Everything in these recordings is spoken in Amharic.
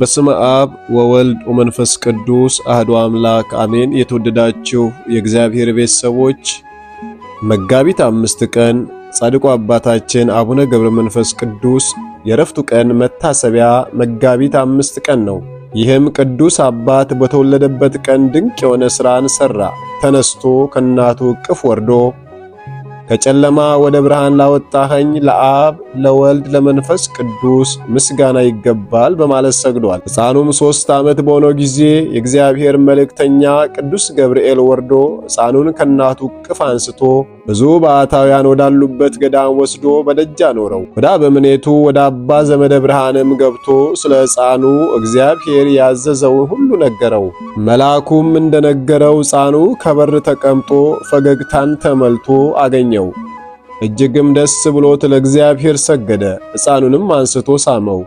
በስመ አብ ወወልድ ወመንፈስ ቅዱስ አህዶ አምላክ አሜን። የተወደዳችሁ የእግዚአብሔር ቤተሰቦች! ሰዎች መጋቢት አምስት ቀን ጻድቁ አባታችን አቡነ ገብረ መንፈስ ቅዱስ የረፍቱ ቀን መታሰቢያ መጋቢት አምስት ቀን ነው። ይህም ቅዱስ አባት በተወለደበት ቀን ድንቅ የሆነ ሥራን ሠራ። ተነስቶ ከእናቱ እቅፍ ወርዶ ከጨለማ ወደ ብርሃን ላወጣኸኝ ለአብ ለወልድ ለመንፈስ ቅዱስ ምስጋና ይገባል በማለት ሰግዷል። ሕፃኑም ሦስት ዓመት በሆነው ጊዜ የእግዚአብሔር መልእክተኛ ቅዱስ ገብርኤል ወርዶ ሕፃኑን ከእናቱ ቅፍ አንስቶ ብዙ ባሕታውያን ወዳሉበት ገዳም ወስዶ በደጅ አኖረው። ወደ አበምኔቱ ወደ አባ ዘመደ ብርሃንም ገብቶ ስለ ሕፃኑ እግዚአብሔር ያዘዘውን ሁሉ ነገረው። መልአኩም እንደነገረው ሕፃኑ ከበር ተቀምጦ ፈገግታን ተሞልቶ አገኘው። አገኘው። እጅግም ደስ ብሎት ለእግዚአብሔር ሰገደ። ሕፃኑንም አንስቶ ሳመው፣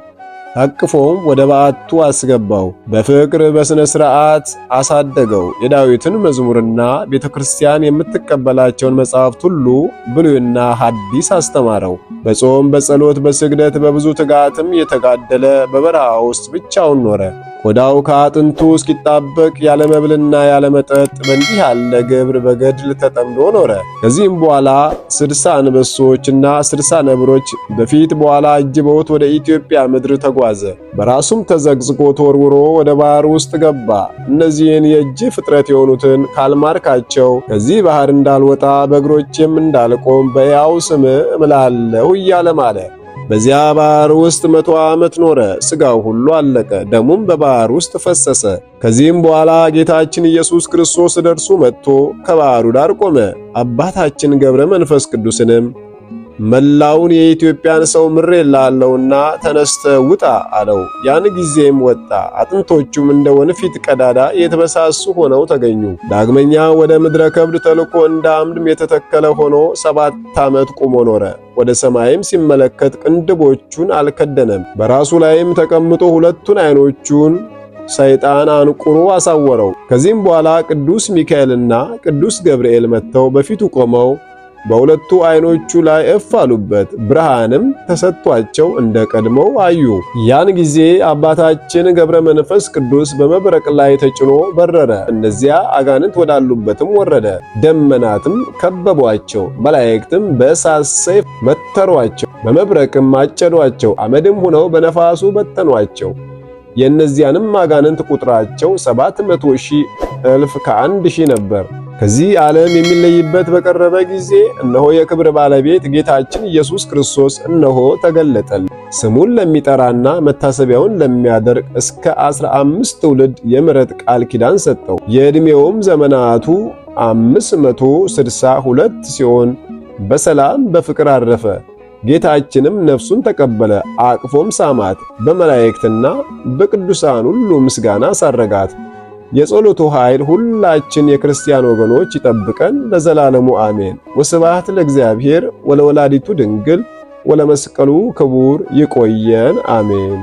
ታቅፎም ወደ በዓቱ አስገባው። በፍቅር በሥነ ሥርዓት አሳደገው። የዳዊትን መዝሙርና ቤተ ክርስቲያን የምትቀበላቸውን መጻሕፍት ሁሉ ብሉይና ሐዲስ አስተማረው። በጾም በጸሎት በስግደት በብዙ ትጋትም የተጋደለ በበረሃ ውስጥ ብቻውን ኖረ። ቆዳው ከአጥንቱ እስኪጣበቅ ያለ መብልና ያለ መጠጥ በእንዲህ ያለ ግብር በገድል ተጠምዶ ኖረ። ከዚህም በኋላ ስድሳ አንበሶችና ስድሳ ነብሮች በፊት በኋላ አጅበውት ወደ ኢትዮጵያ ምድር ተጓዘ። በራሱም ተዘግዝቆ ተወርውሮ ወደ ባህር ውስጥ ገባ። እነዚህን የእጅ ፍጥረት የሆኑትን ካልማርካቸው ከዚህ ባህር እንዳልወጣ በእግሮቼም እንዳልቆም በያው ስም እምላለሁ እያለ ማለት በዚያ ባህር ውስጥ መቶ ዓመት ኖረ። ሥጋው ሁሉ አለቀ፣ ደሙም በባህር ውስጥ ፈሰሰ። ከዚህም በኋላ ጌታችን ኢየሱስ ክርስቶስ ደርሶ መጥቶ ከባህሩ ዳር ቆመ። አባታችን ገብረ መንፈስ ቅዱስንም መላውን የኢትዮጵያን ሰው ምሬ ላለውና ተነስተ ውጣ አለው። ያን ጊዜም ወጣ። አጥንቶቹም እንደ ወንፊት ቀዳዳ የተበሳሱ ሆነው ተገኙ። ዳግመኛ ወደ ምድረ ከብድ ተልኮ እንደ አምድም የተተከለ ሆኖ ሰባት ዓመት ቁሞ ኖረ። ወደ ሰማይም ሲመለከት ቅንድቦቹን አልከደነም። በራሱ ላይም ተቀምጦ ሁለቱን ዓይኖቹን ሰይጣን አንቁሮ አሳወረው። ከዚህም በኋላ ቅዱስ ሚካኤልና ቅዱስ ገብርኤል መጥተው በፊቱ ቆመው በሁለቱ አይኖቹ ላይ እፍ አሉበት፣ ብርሃንም ተሰጥቷቸው እንደ ቀድሞው አዩ። ያን ጊዜ አባታችን ገብረ መንፈስ ቅዱስ በመብረቅ ላይ ተጭኖ በረረ፣ እነዚያ አጋንንት ወዳሉበትም ወረደ። ደመናትም ከበቧቸው፣ መላእክትም በእሳት ሰይፍ መተሯቸው፣ በመብረቅም አጨዷቸው፣ አመድም ሆነው በነፋሱ በተኗቸው። የእነዚያንም አጋንንት ቁጥራቸው ሰባት መቶ ሺህ እልፍ ከአንድ ሺህ ነበር። ከዚህ ዓለም የሚለይበት በቀረበ ጊዜ እነሆ የክብር ባለቤት ጌታችን ኢየሱስ ክርስቶስ እነሆ ተገለጠል። ስሙን ለሚጠራና መታሰቢያውን ለሚያደርግ እስከ አስራ አምስት ትውልድ የምሕረት ቃል ኪዳን ሰጠው። የዕድሜውም ዘመናቱ አምስት መቶ ስድሳ ሁለት ሲሆን በሰላም በፍቅር አረፈ። ጌታችንም ነፍሱን ተቀበለ፣ አቅፎም ሳማት። በመላእክትና በቅዱሳን ሁሉ ምስጋና አሳረጋት። የጸሎቱ ኃይል ሁላችን የክርስቲያን ወገኖች ይጠብቀን ለዘላለሙ አሜን። ወስብሐት ለእግዚአብሔር ወለወላዲቱ ድንግል ወለመስቀሉ ክቡር። ይቆየን። አሜን።